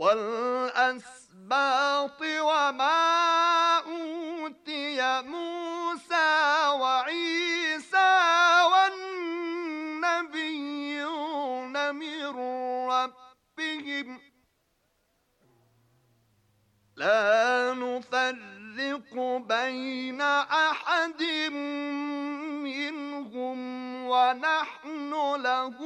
والأسباط وما أوتي موسى وعيسى والنبيون من ربهم لا نفرق بين أحد منهم ونحن له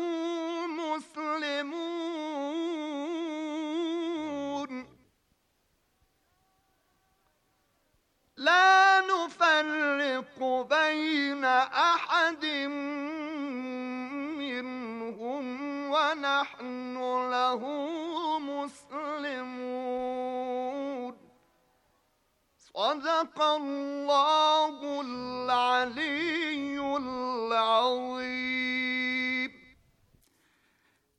بين أحد منهم ونحن له مسلمون صدق الله العلي العظيم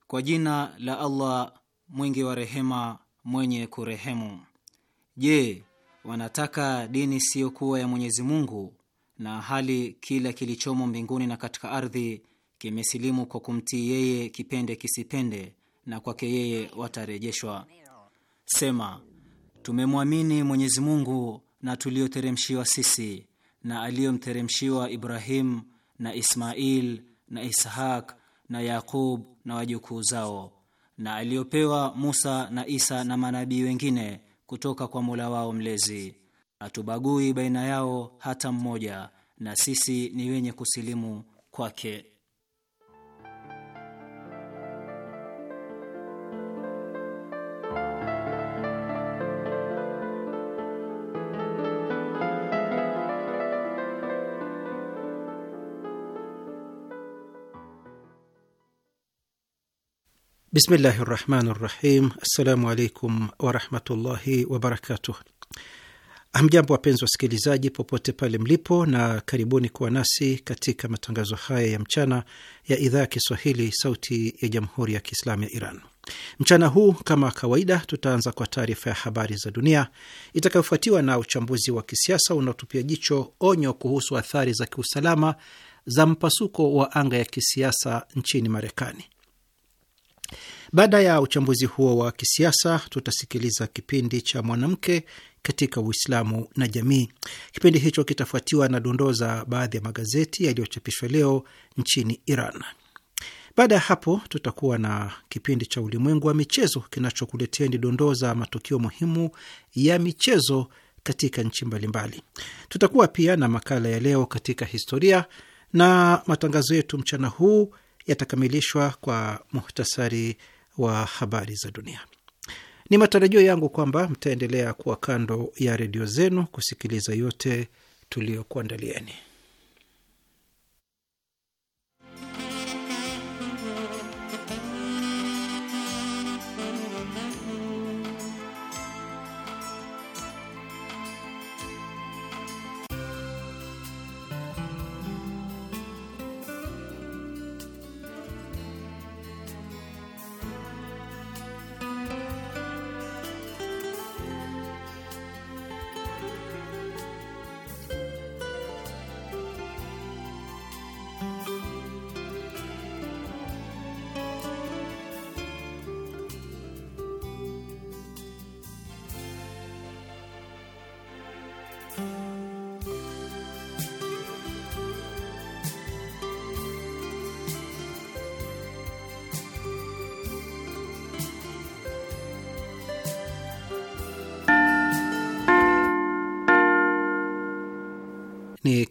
Kwa jina la Allah mwingi wa rehema mwenye kurehemu. Je, wanataka dini siyokuwa ya Mwenyezi Mungu na hali kila kilichomo mbinguni na katika ardhi kimesilimu kwa kumtii yeye, kipende kisipende, na kwake yeye watarejeshwa. Sema, tumemwamini Mwenyezi Mungu na tuliyoteremshiwa sisi na aliyomteremshiwa Ibrahimu na Ismail na ishak na Yaqub na wajukuu zao na aliyopewa Musa na Isa na manabii wengine kutoka kwa Mola wao mlezi hatubagui baina yao hata mmoja, na sisi ni wenye kusilimu kwake. Bismillahi rahmani rahim. Assalamu alaikum warahmatullahi wabarakatuh. Hamjambo, wapenzi wasikilizaji, popote pale mlipo, na karibuni kuwa nasi katika matangazo haya ya mchana ya idhaa ya Kiswahili, Sauti ya Jamhuri ya Kiislamu ya Iran. Mchana huu kama kawaida, tutaanza kwa taarifa ya habari za dunia itakayofuatiwa na uchambuzi wa kisiasa unaotupia jicho onyo kuhusu athari za kiusalama za mpasuko wa anga ya kisiasa nchini Marekani. Baada ya uchambuzi huo wa kisiasa, tutasikiliza kipindi cha mwanamke katika Uislamu na jamii. Kipindi hicho kitafuatiwa na dondoo za baadhi ya magazeti yaliyochapishwa leo nchini Iran. Baada ya hapo, tutakuwa na kipindi cha ulimwengu wa michezo kinachokuletea ni dondoo za matukio muhimu ya michezo katika nchi mbalimbali. Tutakuwa pia na makala ya leo katika historia, na matangazo yetu mchana huu yatakamilishwa kwa muhtasari wa habari za dunia. Ni matarajio yangu kwamba mtaendelea kuwa kando ya redio zenu kusikiliza yote tuliyokuandalieni.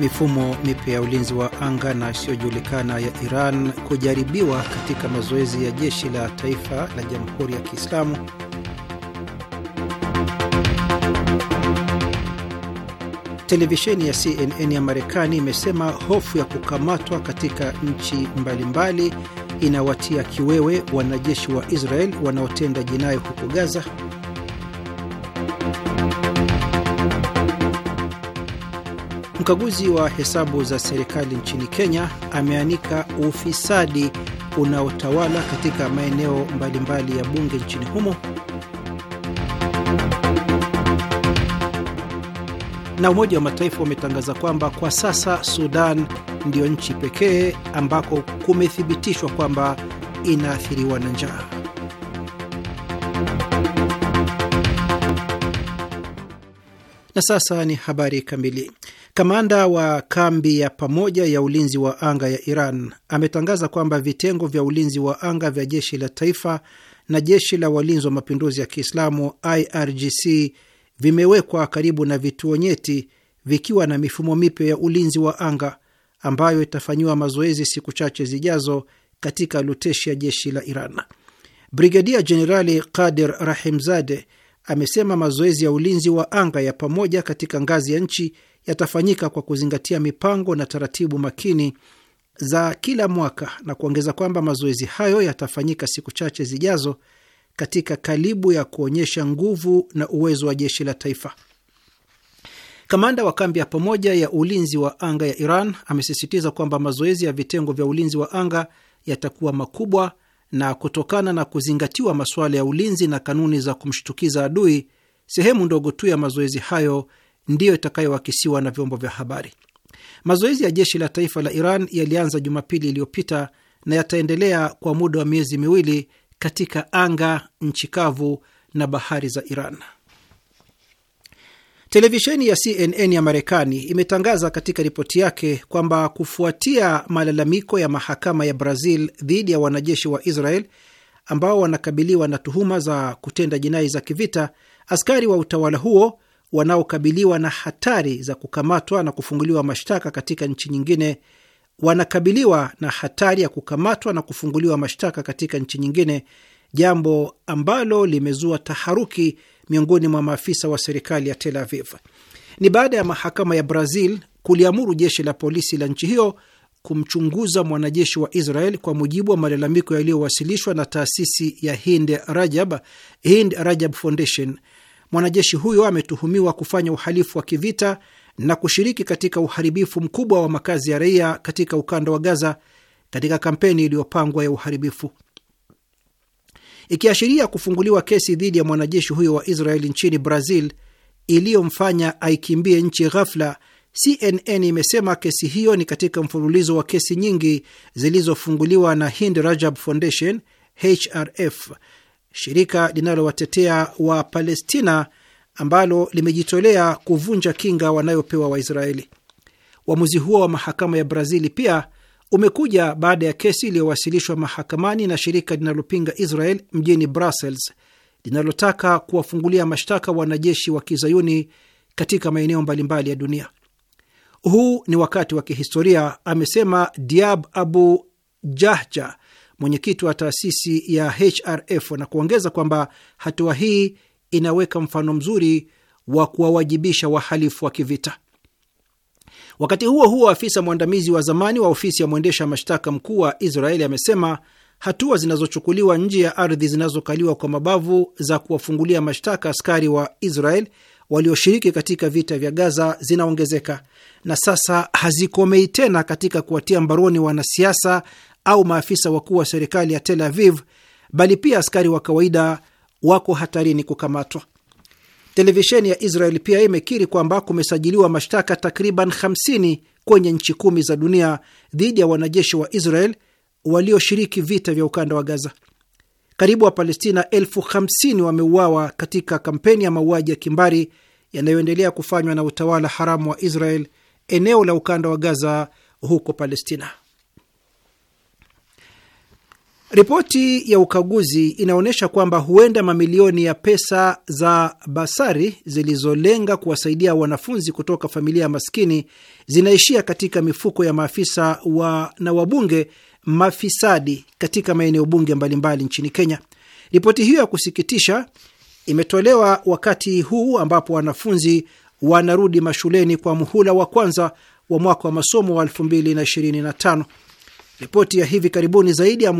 mifumo mipya ya ulinzi wa anga na isiyojulikana ya Iran kujaribiwa katika mazoezi ya jeshi la taifa la Jamhuri ya Kiislamu. Televisheni ya CNN ya Marekani imesema hofu ya kukamatwa katika nchi mbalimbali inawatia kiwewe wanajeshi wa Israel wanaotenda jinai huko Gaza. Mkaguzi wa hesabu za serikali nchini Kenya ameanika ufisadi unaotawala katika maeneo mbalimbali ya bunge nchini humo. Na Umoja wa Mataifa umetangaza kwamba kwa sasa Sudan ndiyo nchi pekee ambako kumethibitishwa kwamba inaathiriwa na njaa. Na sasa ni habari kamili. Kamanda wa kambi ya pamoja ya ulinzi wa anga ya Iran ametangaza kwamba vitengo vya ulinzi wa anga vya jeshi la taifa na jeshi la walinzi wa mapinduzi ya Kiislamu IRGC vimewekwa karibu na vituo nyeti vikiwa na mifumo mipya ya ulinzi wa anga ambayo itafanyiwa mazoezi siku chache zijazo katika luteshi ya jeshi la Iran. Brigadia Jenerali Kader Rahimzade amesema mazoezi ya ulinzi wa anga ya pamoja katika ngazi ya nchi yatafanyika kwa kuzingatia mipango na taratibu makini za kila mwaka na kuongeza kwamba mazoezi hayo yatafanyika siku chache zijazo katika kalibu ya kuonyesha nguvu na uwezo wa jeshi la taifa. Kamanda wa kambi ya pamoja ya ulinzi wa anga ya Iran amesisitiza kwamba mazoezi ya vitengo vya ulinzi wa anga yatakuwa makubwa na kutokana na kuzingatiwa masuala ya ulinzi na kanuni za kumshtukiza adui, sehemu ndogo tu ya mazoezi hayo ndiyo itakayoakisiwa na vyombo vya habari. Mazoezi ya jeshi la taifa la Iran yalianza Jumapili iliyopita na yataendelea kwa muda wa miezi miwili katika anga, nchi kavu na bahari za Iran. Televisheni ya CNN ya Marekani imetangaza katika ripoti yake kwamba kufuatia malalamiko ya mahakama ya Brazil dhidi ya wanajeshi wa Israel ambao wanakabiliwa na tuhuma za kutenda jinai za kivita, askari wa utawala huo wanaokabiliwa na hatari za kukamatwa na kufunguliwa mashtaka katika nchi nyingine wanakabiliwa na hatari ya kukamatwa na kufunguliwa mashtaka katika nchi nyingine, jambo ambalo limezua taharuki miongoni mwa maafisa wa serikali ya Tel Aviv. Ni baada ya mahakama ya Brazil kuliamuru jeshi la polisi la nchi hiyo kumchunguza mwanajeshi wa Israel kwa mujibu wa malalamiko yaliyowasilishwa na taasisi ya Hind Rajab, Hind Rajab Foundation. Mwanajeshi huyo ametuhumiwa kufanya uhalifu wa kivita na kushiriki katika uharibifu mkubwa wa makazi ya raia katika ukanda wa Gaza katika kampeni iliyopangwa ya uharibifu ikiashiria kufunguliwa kesi dhidi ya mwanajeshi huyo wa Israeli nchini Brazil iliyomfanya aikimbie nchi ghafla. CNN imesema kesi hiyo ni katika mfululizo wa kesi nyingi zilizofunguliwa na Hind Rajab Foundation HRF, shirika linalowatetea wa Palestina ambalo limejitolea kuvunja kinga wanayopewa Waisraeli. Uamuzi huo wa mahakama ya Brazili pia umekuja baada ya kesi iliyowasilishwa mahakamani na shirika linalopinga Israel mjini Brussels linalotaka kuwafungulia mashtaka wanajeshi wa kizayuni katika maeneo mbalimbali ya dunia. Huu ni wakati wa kihistoria, amesema Diab Abu Jahja, mwenyekiti wa taasisi ya HRF, na kuongeza kwamba hatua hii inaweka mfano mzuri wa kuwawajibisha wahalifu wa kivita. Wakati huo huo, afisa mwandamizi wa zamani wa ofisi ya mwendesha mashtaka mkuu wa Israeli amesema hatua zinazochukuliwa nje ya ardhi zinazokaliwa kwa mabavu za kuwafungulia mashtaka askari wa Israel walioshiriki katika vita vya Gaza zinaongezeka na sasa hazikomei tena katika kuwatia mbaroni wanasiasa au maafisa wakuu wa serikali ya Tel Aviv, bali pia askari wa kawaida wako hatarini kukamatwa. Televisheni ya Israel pia imekiri kwamba kumesajiliwa mashtaka takriban 50 kwenye nchi kumi za dunia dhidi ya wanajeshi wa Israel walioshiriki vita vya ukanda wa Gaza. Karibu Wapalestina elfu 50 wameuawa katika kampeni ya mauaji ya kimbari yanayoendelea kufanywa na utawala haramu wa Israel eneo la ukanda wa Gaza huko Palestina. Ripoti ya ukaguzi inaonyesha kwamba huenda mamilioni ya pesa za basari zilizolenga kuwasaidia wanafunzi kutoka familia maskini zinaishia katika mifuko ya maafisa wa na wabunge mafisadi katika maeneo bunge mbalimbali nchini Kenya. Ripoti hiyo ya kusikitisha imetolewa wakati huu ambapo wanafunzi wanarudi mashuleni kwa muhula wa kwanza wa mwaka wa masomo wa 2025. Ripoti ya hivi karibuni zaidi ya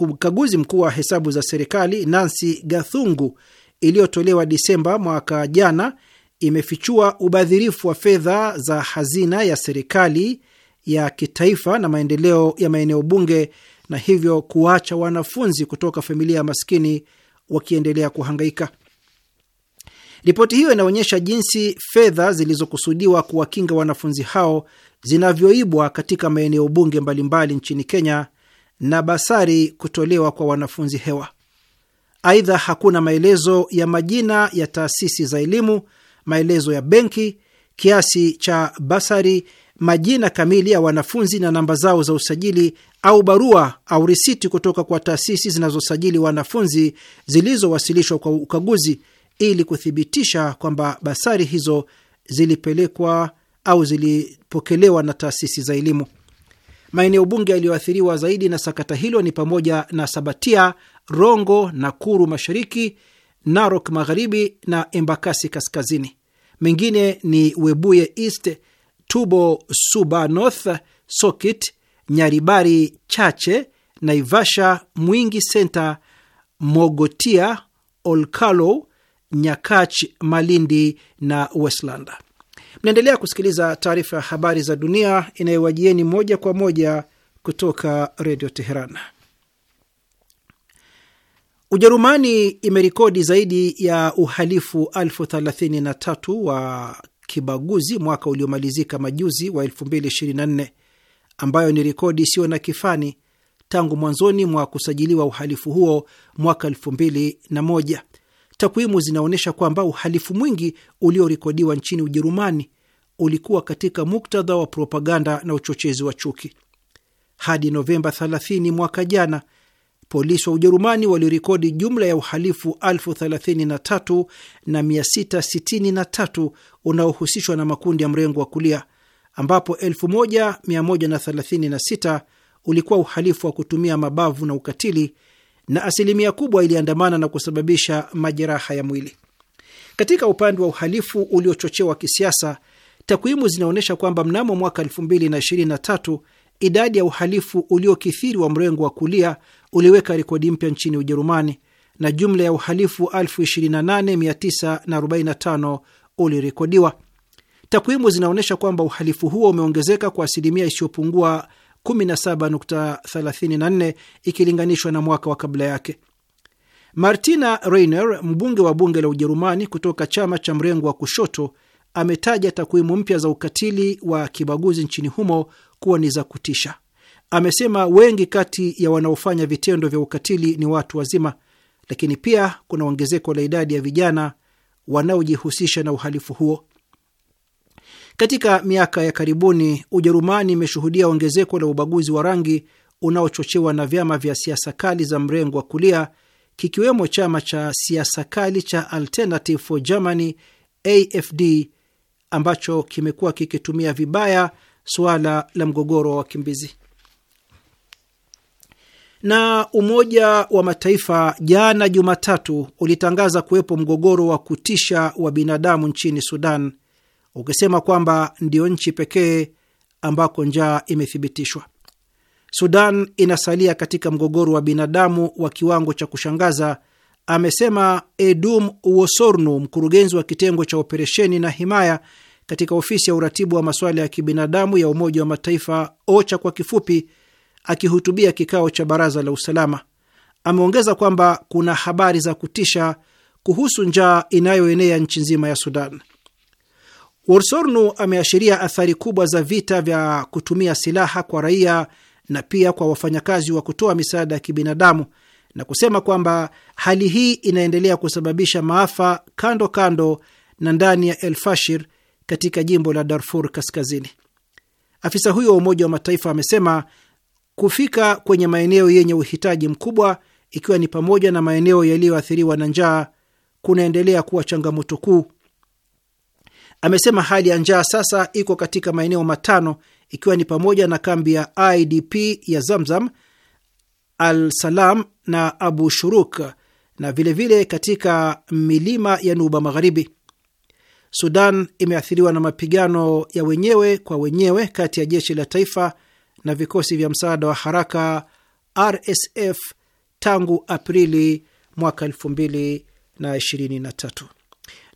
mkaguzi mkuu wa hesabu za serikali Nancy Gathungu iliyotolewa Disemba mwaka jana imefichua ubadhirifu wa fedha za hazina ya serikali ya kitaifa na maendeleo ya maeneo bunge na hivyo kuacha wanafunzi kutoka familia maskini wakiendelea kuhangaika. Ripoti hiyo inaonyesha jinsi fedha zilizokusudiwa kuwakinga wanafunzi hao zinavyoibwa katika maeneo bunge mbalimbali nchini Kenya na basari kutolewa kwa wanafunzi hewa. Aidha, hakuna maelezo ya majina ya taasisi za elimu, maelezo ya benki, kiasi cha basari, majina kamili ya wanafunzi na namba zao za usajili au barua au risiti kutoka kwa taasisi zinazosajili wanafunzi zilizowasilishwa kwa ukaguzi ili kuthibitisha kwamba basari hizo zilipelekwa au zilipokelewa na taasisi za elimu. Maeneo bunge yaliyoathiriwa zaidi na sakata hilo ni pamoja na Sabatia, Rongo, Nakuru Mashariki, Narok Magharibi na Embakasi Kaskazini. Mengine ni Webuye East, Tubo Suba North, Sokit, Nyaribari Chache, Naivasha, Mwingi Center, Mogotia, Olkalo, Nyakach, Malindi na Westlanda. Mnaendelea kusikiliza taarifa ya habari za dunia inayowajieni moja kwa moja kutoka redio Teheran. Ujerumani imerekodi zaidi ya uhalifu elfu thelathini na tatu wa kibaguzi mwaka uliomalizika majuzi wa 2024 ambayo ni rekodi isiyo na kifani tangu mwanzoni mwa kusajiliwa uhalifu huo mwaka 2001 takwimu zinaonyesha kwamba uhalifu mwingi uliorekodiwa nchini Ujerumani ulikuwa katika muktadha wa propaganda na uchochezi wa chuki. Hadi Novemba 30 mwaka jana, polisi wa Ujerumani walirekodi jumla ya uhalifu elfu na unaohusishwa na makundi ya mrengo wa kulia ambapo 1136 ulikuwa uhalifu wa kutumia mabavu na ukatili na asilimia kubwa iliandamana na kusababisha majeraha ya mwili. Katika upande wa uhalifu uliochochewa kisiasa, takwimu zinaonyesha kwamba mnamo mwaka 2023 idadi ya uhalifu uliokithiri wa mrengo wa kulia uliweka rekodi mpya nchini Ujerumani na jumla ya uhalifu 28945 ulirekodiwa. Takwimu zinaonyesha kwamba uhalifu huo umeongezeka kwa asilimia isiyopungua 17.34 ikilinganishwa na mwaka wa kabla yake. Martina Reiner, mbunge wa bunge la Ujerumani kutoka chama cha mrengo wa kushoto, ametaja takwimu mpya za ukatili wa kibaguzi nchini humo kuwa ni za kutisha. Amesema wengi kati ya wanaofanya vitendo vya ukatili ni watu wazima, lakini pia kuna ongezeko la idadi ya vijana wanaojihusisha na uhalifu huo. Katika miaka ya karibuni, Ujerumani imeshuhudia ongezeko la ubaguzi wa rangi unaochochewa na vyama vya siasa kali za mrengo wa kulia kikiwemo chama cha siasa kali cha Alternative for Germany AFD ambacho kimekuwa kikitumia vibaya suala la mgogoro wa wakimbizi. Na Umoja wa Mataifa jana Jumatatu ulitangaza kuwepo mgogoro wa kutisha wa binadamu nchini Sudan ukisema kwamba ndiyo nchi pekee ambako njaa imethibitishwa. Sudan inasalia katika mgogoro wa binadamu wa kiwango cha kushangaza, amesema Edum Wosornu, mkurugenzi wa kitengo cha operesheni na himaya katika ofisi ya uratibu wa masuala ya kibinadamu ya Umoja wa Mataifa, OCHA kwa kifupi, akihutubia kikao cha Baraza la Usalama. Ameongeza kwamba kuna habari za kutisha kuhusu njaa inayoenea nchi nzima ya Sudan. Ursornu ameashiria athari kubwa za vita vya kutumia silaha kwa raia na pia kwa wafanyakazi wa kutoa misaada ya kibinadamu na kusema kwamba hali hii inaendelea kusababisha maafa kando kando na ndani ya El Fashir katika jimbo la Darfur Kaskazini. Afisa huyo wa Umoja wa Mataifa amesema kufika kwenye maeneo yenye uhitaji mkubwa, ikiwa ni pamoja na maeneo yaliyoathiriwa na njaa, kunaendelea kuwa changamoto kuu amesema hali ya njaa sasa iko katika maeneo matano ikiwa ni pamoja na kambi ya IDP ya Zamzam, Al Salam na Abu Shuruk na vilevile vile katika milima ya Nuba Magharibi. Sudan imeathiriwa na mapigano ya wenyewe kwa wenyewe kati ya jeshi la taifa na vikosi vya msaada wa haraka RSF tangu Aprili mwaka 2023.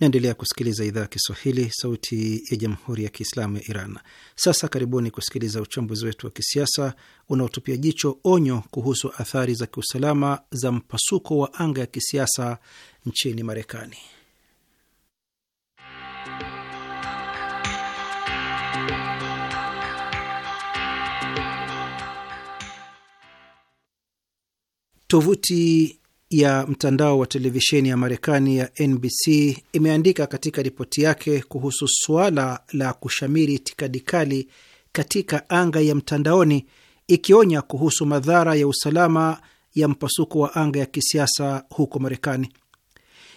Naendelea kusikiliza idhaa ya Kiswahili, sauti ya jamhuri ya kiislamu ya Iran. Sasa karibuni kusikiliza uchambuzi wetu wa kisiasa unaotupia jicho onyo kuhusu athari za kiusalama za mpasuko wa anga ya kisiasa nchini Marekani. Tovuti ya mtandao wa televisheni ya Marekani ya NBC imeandika katika ripoti yake kuhusu suala la kushamiri itikadi kali katika anga ya mtandaoni, ikionya kuhusu madhara ya usalama ya mpasuko wa anga ya kisiasa huko Marekani,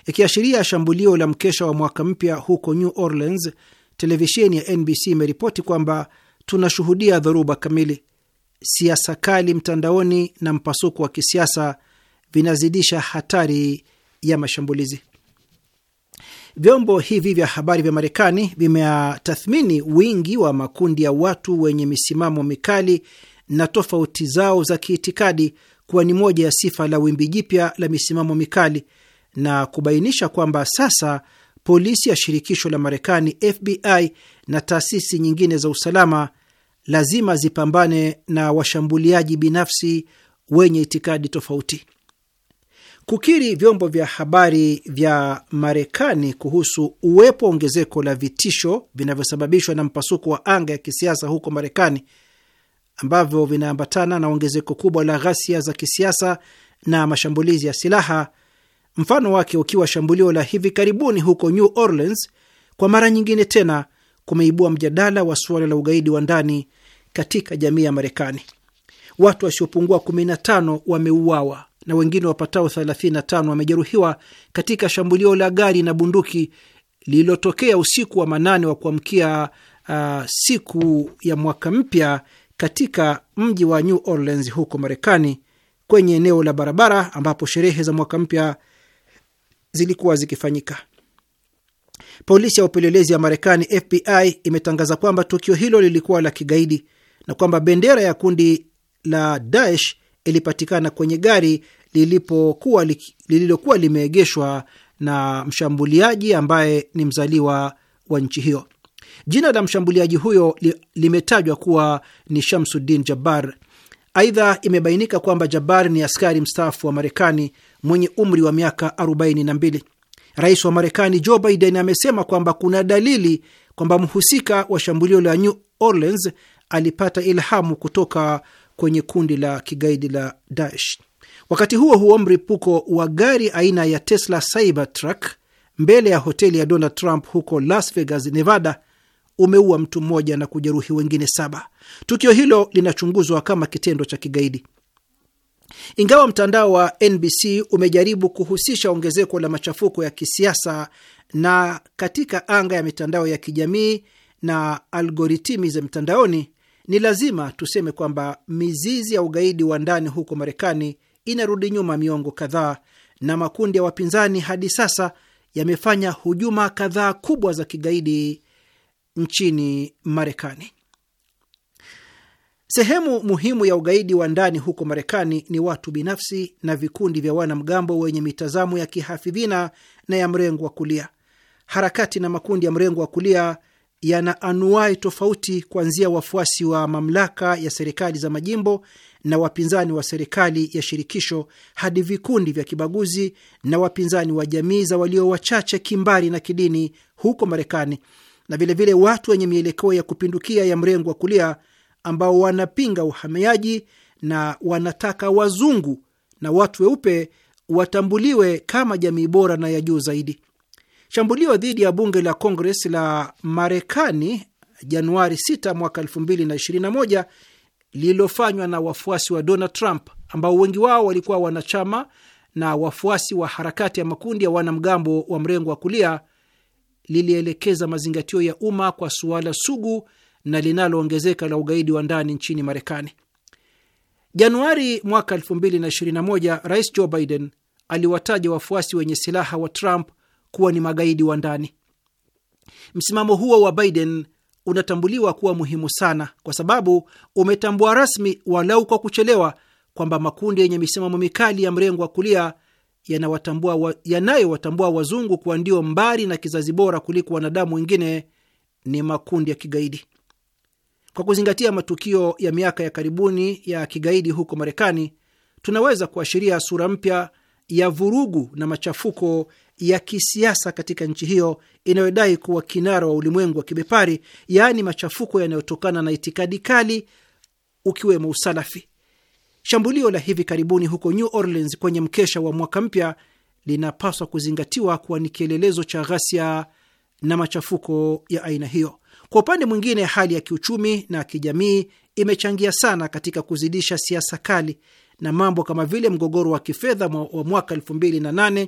ikiashiria shambulio la mkesha wa mwaka mpya huko New Orleans. Televisheni ya NBC imeripoti kwamba tunashuhudia dhoruba kamili, siasa kali mtandaoni na mpasuko wa kisiasa vinazidisha hatari ya mashambulizi. Vyombo hivi vya habari vya Marekani vimetathmini wingi wa makundi ya watu wenye misimamo mikali na tofauti zao za kiitikadi kuwa ni moja ya sifa la wimbi jipya la misimamo mikali na kubainisha kwamba sasa polisi ya shirikisho la Marekani FBI na taasisi nyingine za usalama lazima zipambane na washambuliaji binafsi wenye itikadi tofauti. Kukiri vyombo vya habari vya Marekani kuhusu uwepo ongezeko la vitisho vinavyosababishwa na mpasuko wa anga ya kisiasa huko Marekani ambavyo vinaambatana na ongezeko kubwa la ghasia za kisiasa na mashambulizi ya silaha, mfano wake ukiwa shambulio la hivi karibuni huko New Orleans, kwa mara nyingine tena kumeibua mjadala wa suala la ugaidi wa ndani katika jamii ya Marekani. Watu wasiopungua 15 wameuawa na wengine wapatao 35 wamejeruhiwa katika shambulio la gari na bunduki lililotokea usiku wa manane wa kuamkia uh, siku ya mwaka mpya katika mji wa New Orleans huko Marekani, kwenye eneo la barabara ambapo sherehe za mwaka mpya zilikuwa zikifanyika. Polisi ya upelelezi ya Marekani, FBI, imetangaza kwamba tukio hilo lilikuwa la kigaidi na kwamba bendera ya kundi la Daesh ilipatikana kwenye gari lilipokuwa lililokuwa limeegeshwa na mshambuliaji ambaye ni mzaliwa wa nchi hiyo. Jina la mshambuliaji huyo li, limetajwa kuwa ni Shamsuddin Jabbar. Aidha, imebainika kwamba Jabbar ni askari mstaafu wa Marekani mwenye umri wa miaka 42. Rais wa Marekani Joe Biden amesema kwamba kuna dalili kwamba mhusika wa shambulio la New Orleans alipata ilhamu kutoka kwenye kundi la kigaidi la Daesh. Wakati huo huo, mripuko wa gari aina ya Tesla Cybertruck mbele ya hoteli ya Donald Trump huko Las Vegas, Nevada umeua mtu mmoja na kujeruhi wengine saba. Tukio hilo linachunguzwa kama kitendo cha kigaidi. Ingawa mtandao wa NBC umejaribu kuhusisha ongezeko la machafuko ya kisiasa na katika anga ya mitandao ya kijamii na algoritimi za mtandaoni, ni lazima tuseme kwamba mizizi ya ugaidi wa ndani huko Marekani inarudi nyuma miongo kadhaa, na makundi ya wapinzani hadi sasa yamefanya hujuma kadhaa kubwa za kigaidi nchini Marekani. Sehemu muhimu ya ugaidi wa ndani huko Marekani ni watu binafsi na vikundi vya wanamgambo wenye mitazamo ya kihafidhina na ya mrengo wa kulia. Harakati na makundi ya mrengo wa kulia yana anuai tofauti kuanzia wafuasi wa mamlaka ya serikali za majimbo na wapinzani wa serikali ya shirikisho hadi vikundi vya kibaguzi na wapinzani wa jamii za walio wachache kimbari na kidini huko Marekani, na vilevile vile watu wenye mielekeo ya kupindukia ya mrengo wa kulia ambao wanapinga uhamiaji na wanataka wazungu na watu weupe watambuliwe kama jamii bora na ya juu zaidi. Shambulio dhidi ya bunge la Kongres la Marekani Januari 6 mwaka 2021 lililofanywa na wafuasi wa Donald Trump ambao wengi wao walikuwa wanachama na wafuasi wa harakati ya makundi ya wanamgambo wa mrengo wa kulia lilielekeza mazingatio ya umma kwa suala sugu na linaloongezeka la ugaidi wa ndani nchini Marekani. Januari mwaka 2021, Rais Joe Biden aliwataja wafuasi wenye silaha wa Trump kuwa ni magaidi wa ndani. Msimamo huo wa Biden unatambuliwa kuwa muhimu sana kwa sababu umetambua rasmi, walau kwa kuchelewa, kwamba makundi yenye misimamo mikali ya mrengo wa kulia yanayowatambua wa, yanayowatambua wazungu kuwa ndio mbari na kizazi bora kuliko wanadamu wengine ni makundi ya kigaidi. Kwa kuzingatia matukio ya miaka ya karibuni ya kigaidi huko Marekani, tunaweza kuashiria sura mpya ya vurugu na machafuko ya kisiasa katika nchi hiyo inayodai kuwa kinara wa ulimwengu wa kibepari, yaani machafuko yanayotokana na itikadi kali ukiwemo usalafi. Shambulio la hivi karibuni huko New Orleans kwenye mkesha wa mwaka mpya linapaswa kuzingatiwa kuwa ni kielelezo cha ghasia na machafuko ya aina hiyo. Kwa upande mwingine, hali ya kiuchumi na kijamii imechangia sana katika kuzidisha siasa kali na mambo kama vile mgogoro wa kifedha wa mwaka 2008,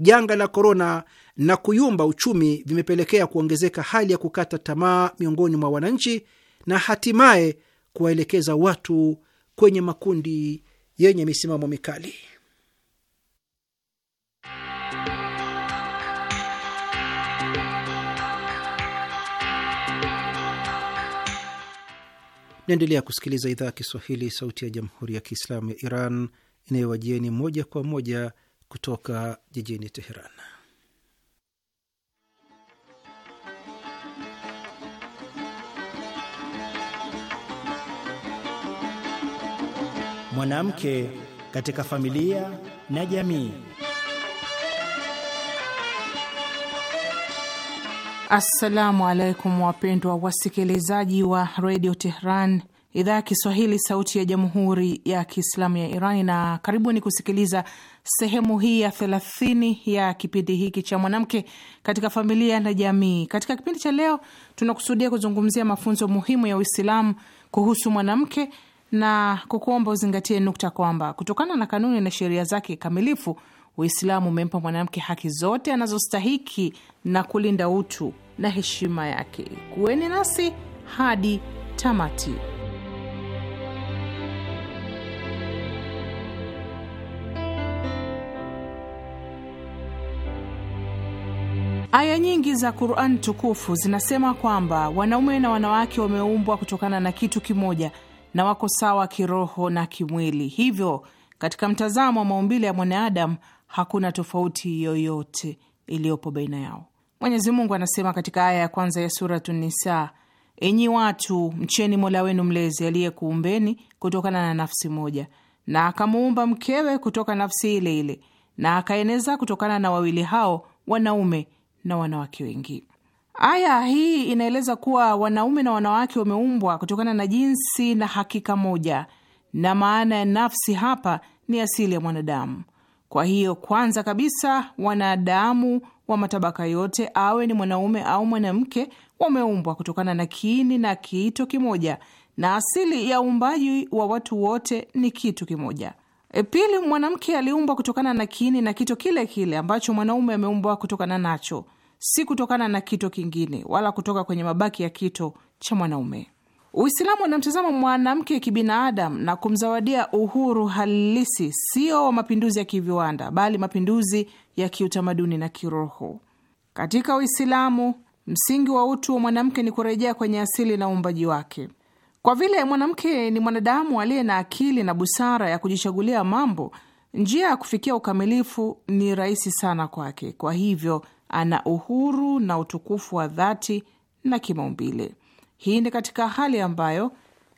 janga la korona na kuyumba uchumi vimepelekea kuongezeka hali ya kukata tamaa miongoni mwa wananchi na hatimaye kuwaelekeza watu kwenye makundi yenye misimamo mikali. naendelea kusikiliza idhaa ya Kiswahili, sauti ya jamhuri ya kiislamu ya Iran inayowajieni moja kwa moja kutoka jijini Teheran. Mwanamke katika familia na jamii. Assalamu alaikum wapendwa wasikilizaji wa redio Tehran, idhaa ya Kiswahili, sauti ya jamhuri ya kiislamu ya Iran, na karibuni kusikiliza sehemu hii ya thelathini ya kipindi hiki cha mwanamke katika familia na jamii. Katika kipindi cha leo, tunakusudia kuzungumzia mafunzo muhimu ya Uislamu kuhusu mwanamke na kukuomba uzingatie nukta kwamba kutokana na kanuni na sheria zake kamilifu Uislamu umempa mwanamke haki zote anazostahiki na kulinda utu na heshima yake. Kuweni nasi hadi tamati. Aya nyingi za Quran tukufu zinasema kwamba wanaume na wanawake wameumbwa kutokana na kitu kimoja na wako sawa kiroho na kimwili. Hivyo, katika mtazamo wa maumbile ya mwanadamu hakuna tofauti yoyote iliyopo baina yao. Mwenyezi Mungu anasema katika aya ya kwanza ya Suratu Nisa, enyi watu mcheni Mola wenu mlezi aliyekuumbeni kutokana na nafsi moja, na akamuumba mkewe kutoka nafsi ile ile, na akaeneza kutokana na wawili hao wanaume na wanawake wengi. Aya hii inaeleza kuwa wanaume na wanawake wameumbwa kutokana na jinsi na hakika moja, na maana ya nafsi hapa ni asili ya mwanadamu. Kwa hiyo kwanza kabisa, wanadamu wa matabaka yote, awe ni mwanaume au mwanamke, wameumbwa kutokana na kiini na kito kimoja, na asili ya uumbaji wa watu wote ni kitu kimoja. E, pili, mwanamke aliumbwa kutokana na kiini na kito kile kile ambacho mwanaume ameumbwa kutokana nacho, si kutokana na kito kingine wala kutoka kwenye mabaki ya kito cha mwanaume. Uislamu unamtazama mwanamke kibinadamu na kumzawadia uhuru halisi, sio wa mapinduzi ya kiviwanda, bali mapinduzi ya kiutamaduni na kiroho. Katika Uislamu, msingi wa utu wa mwanamke ni kurejea kwenye asili na uumbaji wake. Kwa vile mwanamke ni mwanadamu aliye na akili na busara ya kujichagulia mambo, njia ya kufikia ukamilifu ni rahisi sana kwake. Kwa hivyo, ana uhuru na utukufu wa dhati na kimaumbile. Hii ni katika hali ambayo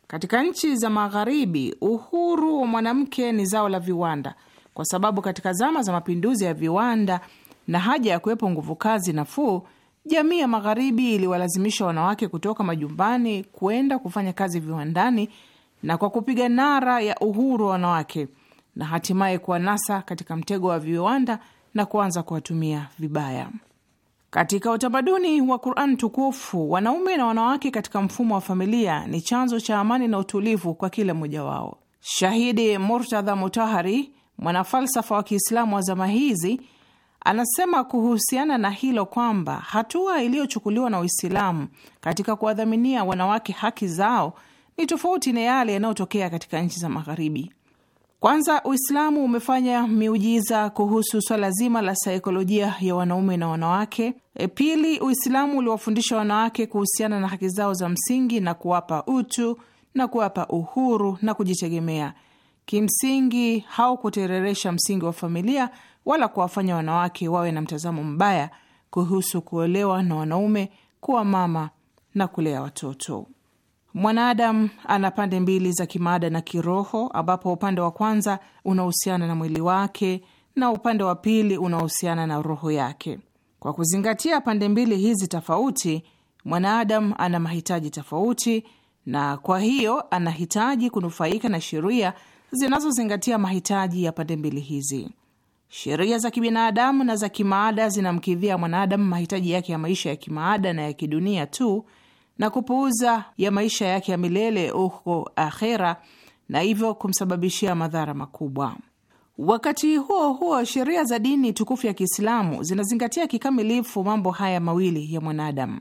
katika nchi za Magharibi uhuru wa mwanamke ni zao la viwanda, kwa sababu katika zama za mapinduzi ya viwanda na haja ya kuwepo nguvu kazi nafuu, jamii ya Magharibi iliwalazimisha wanawake kutoka majumbani kwenda kufanya kazi viwandani, na kwa kupiga nara ya uhuru wa wanawake na hatimaye kuwanasa katika mtego wa viwanda na kuanza kuwatumia vibaya. Katika utamaduni wa Quran tukufu, wanaume na wanawake katika mfumo wa familia ni chanzo cha amani na utulivu kwa kila mmoja wao. Shahidi Murtadha Mutahari, mwanafalsafa wa Kiislamu wa zama hizi, anasema kuhusiana na hilo kwamba hatua iliyochukuliwa na Uislamu katika kuwadhaminia wanawake haki zao ni tofauti na yale yanayotokea katika nchi za Magharibi. Kwanza, Uislamu umefanya miujiza kuhusu swala zima la saikolojia ya wanaume na wanawake. E, pili, Uislamu uliwafundisha wanawake kuhusiana na haki zao za msingi na kuwapa utu na kuwapa uhuru na kujitegemea. Kimsingi haukutereresha msingi wa familia wala kuwafanya wanawake wawe na mtazamo mbaya kuhusu kuolewa na wanaume, kuwa mama na kulea watoto. Mwanadamu ana pande mbili za kimaada na kiroho, ambapo upande wa kwanza unahusiana na mwili wake na upande wa pili unahusiana na roho yake. Kwa kuzingatia pande mbili hizi tofauti, mwanadamu ana mahitaji tofauti, na kwa hiyo anahitaji kunufaika na sheria zinazozingatia mahitaji ya pande mbili hizi. Sheria za kibinadamu na za kimaada zinamkidhia mwanadamu mahitaji yake ya maisha ya kimaada na ya kidunia tu na kupuuza ya maisha yake ya milele huko akhera, na hivyo kumsababishia madhara makubwa. Wakati huo huo, sheria za dini tukufu ya Kiislamu zinazingatia kikamilifu mambo haya mawili ya mwanadamu.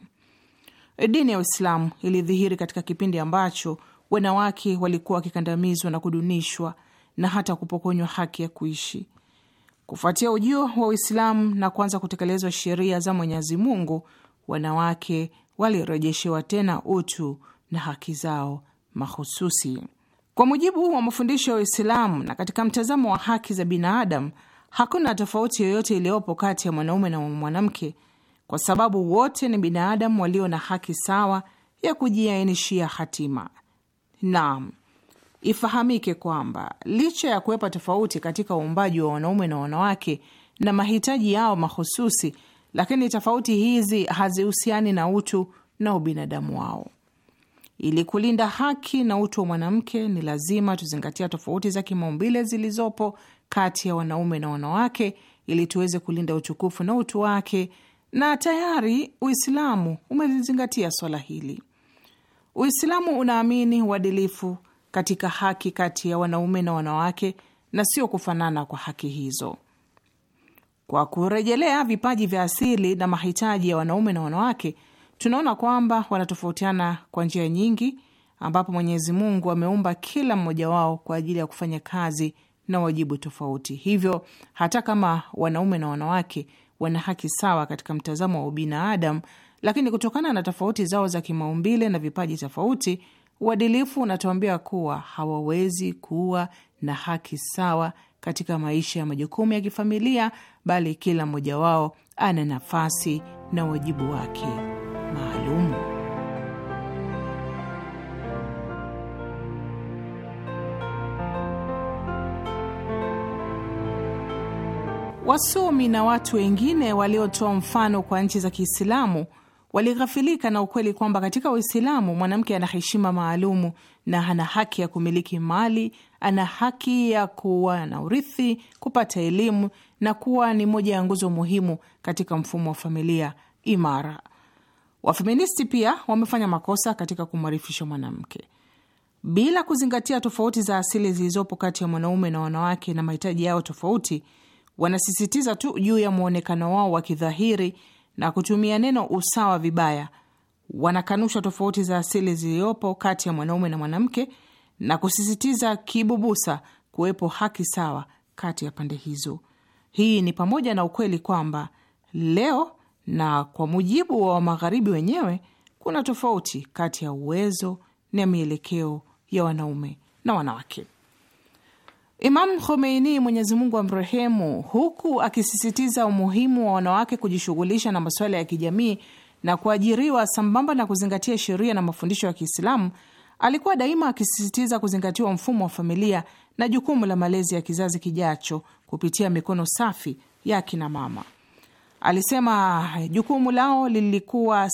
Dini ya Uislamu ilidhihiri katika kipindi ambacho wanawake walikuwa wakikandamizwa na kudunishwa na hata kupokonywa haki ya kuishi. Kufuatia ujio wa Uislamu na kuanza kutekelezwa sheria za Mwenyezi Mungu, wanawake walirejeshewa tena utu na haki zao mahususi kwa mujibu wa mafundisho ya Uislamu. Na katika mtazamo wa haki za binadamu, hakuna tofauti yoyote iliyopo kati ya mwanaume na mwanamke, kwa sababu wote ni binadamu walio na haki sawa ya kujiainishia hatima. Naam, ifahamike kwamba licha ya kuwepa tofauti katika uumbaji wa wanaume na wanawake na mahitaji yao mahususi lakini tofauti hizi hazihusiani na utu na ubinadamu wao. Ili kulinda haki na utu wa mwanamke, ni lazima tuzingatia tofauti za kimaumbile zilizopo kati ya wanaume na wanawake ili tuweze kulinda utukufu na utu wake, na tayari Uislamu umelizingatia swala hili. Uislamu unaamini uadilifu katika haki kati ya wanaume na wanawake na sio kufanana kwa haki hizo. Kwa kurejelea vipaji vya asili na mahitaji ya wanaume na wanawake, tunaona kwamba wanatofautiana kwa njia nyingi, ambapo Mwenyezi Mungu ameumba kila mmoja wao kwa ajili ya kufanya kazi na wajibu tofauti. Hivyo hata kama wanaume na wanawake wana haki sawa katika mtazamo wa ubinadamu, lakini kutokana na tofauti zao za kimaumbile na vipaji tofauti, uadilifu unatuambia kuwa hawawezi kuwa na haki sawa katika maisha ya majukumu ya kifamilia, bali kila mmoja wao ana nafasi na wajibu wake maalum. Wasomi na watu wengine waliotoa mfano kwa nchi za Kiislamu walighafilika na ukweli kwamba katika Uislamu mwanamke ana heshima maalumu na ana haki ya kumiliki mali, ana haki ya kuwa na urithi, kupata elimu na kuwa ni moja ya nguzo muhimu katika mfumo wa familia imara. Wafeministi pia wamefanya makosa katika kumwarifisha mwanamke bila kuzingatia tofauti za asili zilizopo kati ya mwanaume na wanawake na mahitaji yao tofauti. Wanasisitiza tu juu ya mwonekano wao wa kidhahiri na kutumia neno usawa vibaya, wanakanusha tofauti za asili ziliyopo kati ya mwanaume na mwanamke na kusisitiza kibubusa kuwepo haki sawa kati ya pande hizo. Hii ni pamoja na ukweli kwamba leo na kwa mujibu wa Magharibi wenyewe kuna tofauti kati ya uwezo na mielekeo ya wanaume na wanawake. Imam Khomeini, Mwenyezi Mungu amrehemu, huku akisisitiza umuhimu wa wanawake kujishughulisha na masuala ya kijamii na kuajiriwa sambamba na kuzingatia sheria na mafundisho ya Kiislamu, alikuwa daima akisisitiza kuzingatiwa mfumo wa familia na jukumu la malezi ya kizazi kijacho kupitia mikono safi ya akina mama. Alisema jukumu lao lilikuwa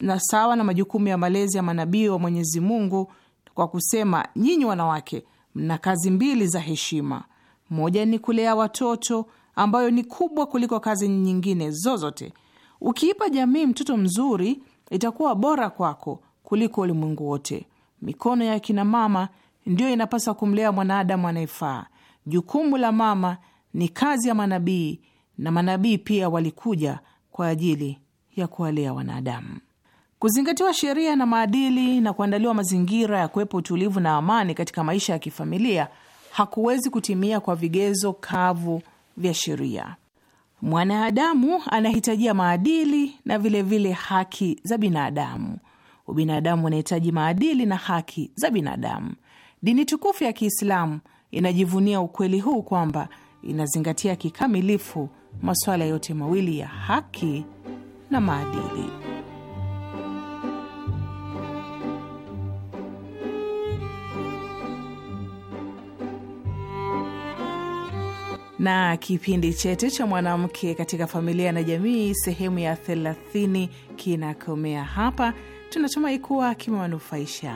na sawa na majukumu ya malezi ya manabii wa Mwenyezi Mungu kwa kusema, nyinyi wanawake mna kazi mbili za heshima. Moja ni kulea watoto, ambayo ni kubwa kuliko kazi nyingine zozote. Ukiipa jamii mtoto mzuri, itakuwa bora kwako kuliko ulimwengu wote. Mikono ya kina mama ndiyo inapaswa kumlea mwanadamu anayefaa. Jukumu la mama ni kazi ya manabii, na manabii pia walikuja kwa ajili ya kuwalea wanadamu. Kuzingatiwa sheria na maadili na kuandaliwa mazingira ya kuwepo utulivu na amani katika maisha ya kifamilia hakuwezi kutimia kwa vigezo kavu vya sheria. Mwanadamu anahitajia maadili na vilevile vile haki za binadamu. Ubinadamu unahitaji maadili na haki za binadamu. Dini tukufu ya Kiislamu inajivunia ukweli huu kwamba inazingatia kikamilifu masuala yote mawili ya haki na maadili. na kipindi chetu cha mwanamke katika familia na jamii sehemu ya 30 kinakomea hapa. Tunatumai kuwa kimewanufaisha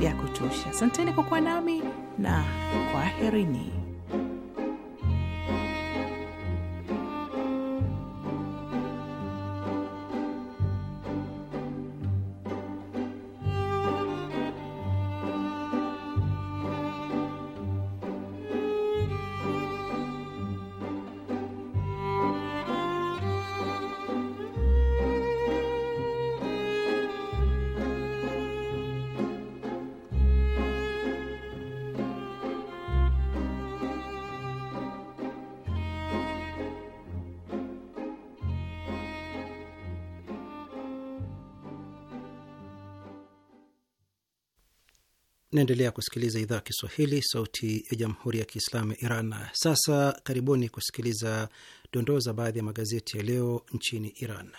ya kutosha. Asanteni kwa kuwa nami na kwaherini. Naendelea kusikiliza idhaa ya Kiswahili, sauti ya jamhuri ya kiislamu ya Iran. Sasa karibuni kusikiliza dondoo za baadhi ya magazeti ya leo nchini Iran.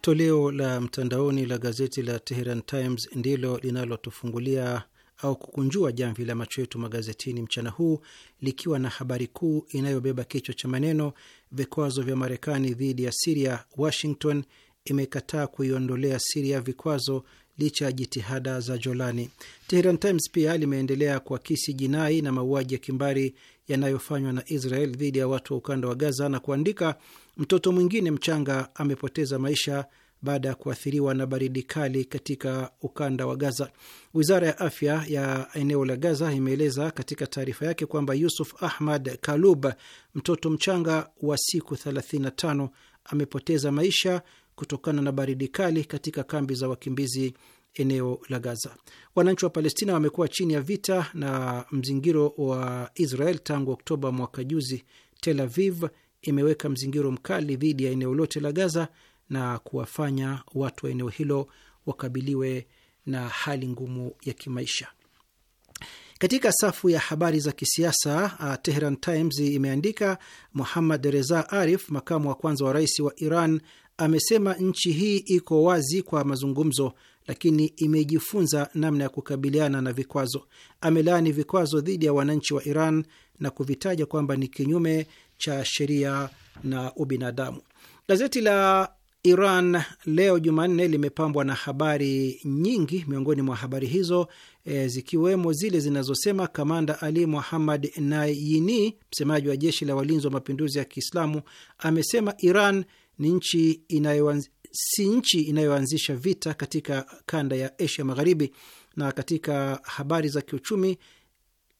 Toleo la mtandaoni la gazeti la Teheran Times ndilo linalotufungulia au kukunjua jamvi la macho yetu magazetini mchana huu likiwa na habari kuu inayobeba kichwa cha maneno vikwazo vya Marekani dhidi ya Siria, Washington imekataa kuiondolea Siria vikwazo licha ya jitihada za Jolani. Tehran Times pia limeendelea kuakisi jinai na mauaji ya kimbari yanayofanywa na Israel dhidi ya watu wa ukanda wa Gaza na kuandika, mtoto mwingine mchanga amepoteza maisha baada ya kuathiriwa na baridi kali katika ukanda wa Gaza. Wizara ya afya ya eneo la Gaza imeeleza katika taarifa yake kwamba Yusuf Ahmad Kalub, mtoto mchanga wa siku 35, amepoteza maisha kutokana na baridi kali katika kambi za wakimbizi eneo la Gaza. Wananchi wa Palestina wamekuwa chini ya vita na mzingiro wa Israel tangu Oktoba mwaka juzi. Tel Aviv imeweka mzingiro mkali dhidi ya eneo lote la Gaza na kuwafanya watu wa eneo hilo wakabiliwe na hali ngumu ya kimaisha. Katika safu ya habari za kisiasa uh, Tehran Times imeandika Muhammad Reza Arif, makamu wa kwanza wa rais wa Iran, amesema nchi hii iko wazi kwa mazungumzo, lakini imejifunza namna ya kukabiliana na vikwazo. Amelaani vikwazo dhidi ya wananchi wa Iran na kuvitaja kwamba ni kinyume cha sheria na ubinadamu. Gazeti la Iran leo Jumanne limepambwa na habari nyingi. Miongoni mwa habari hizo e, zikiwemo zile zinazosema kamanda Ali Muhammad nayini msemaji wa jeshi la walinzi wa mapinduzi ya Kiislamu, amesema Iran ni nchi inayoanz... si nchi inayoanzisha vita katika kanda ya Asia Magharibi. Na katika habari za kiuchumi,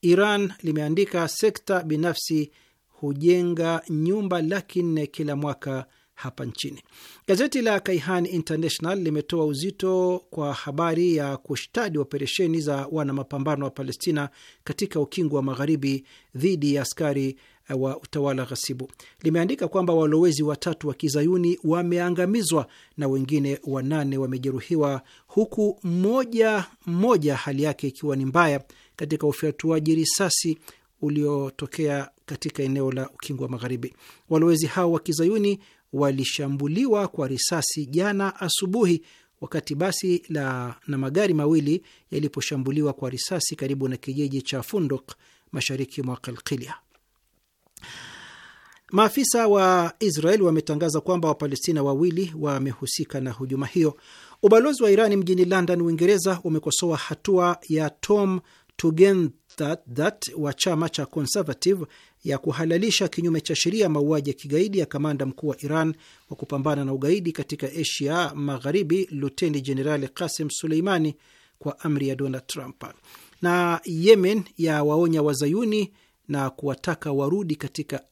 Iran limeandika sekta binafsi hujenga nyumba laki nne kila mwaka hapa nchini. Gazeti la Kaihan International limetoa uzito kwa habari ya kushtadi operesheni za wanamapambano wa Palestina katika ukingo wa magharibi dhidi ya askari eh, wa utawala ghasibu. Limeandika kwamba walowezi watatu wa kizayuni wameangamizwa na wengine wanane wamejeruhiwa, huku mmoja mmoja hali yake ikiwa ni mbaya katika ufyatuaji risasi uliotokea katika eneo la ukingo wa magharibi. Walowezi hao wa kizayuni walishambuliwa kwa risasi jana asubuhi wakati basi la na magari mawili yaliposhambuliwa kwa risasi karibu na kijiji cha Funduk mashariki mwa Kalkilia. Maafisa wa Israel wametangaza kwamba Wapalestina wawili wamehusika na hujuma hiyo. Ubalozi wa iran mjini London, Uingereza, umekosoa hatua ya Tom Tugend that wa chama cha Conservative ya kuhalalisha kinyume cha sheria mauaji ya kigaidi ya kamanda mkuu wa Iran wa kupambana na ugaidi katika Asia Magharibi, Luteni Jenerali Qasim Suleimani kwa amri ya Donald Trump, na Yemen ya waonya wazayuni na kuwataka warudi katika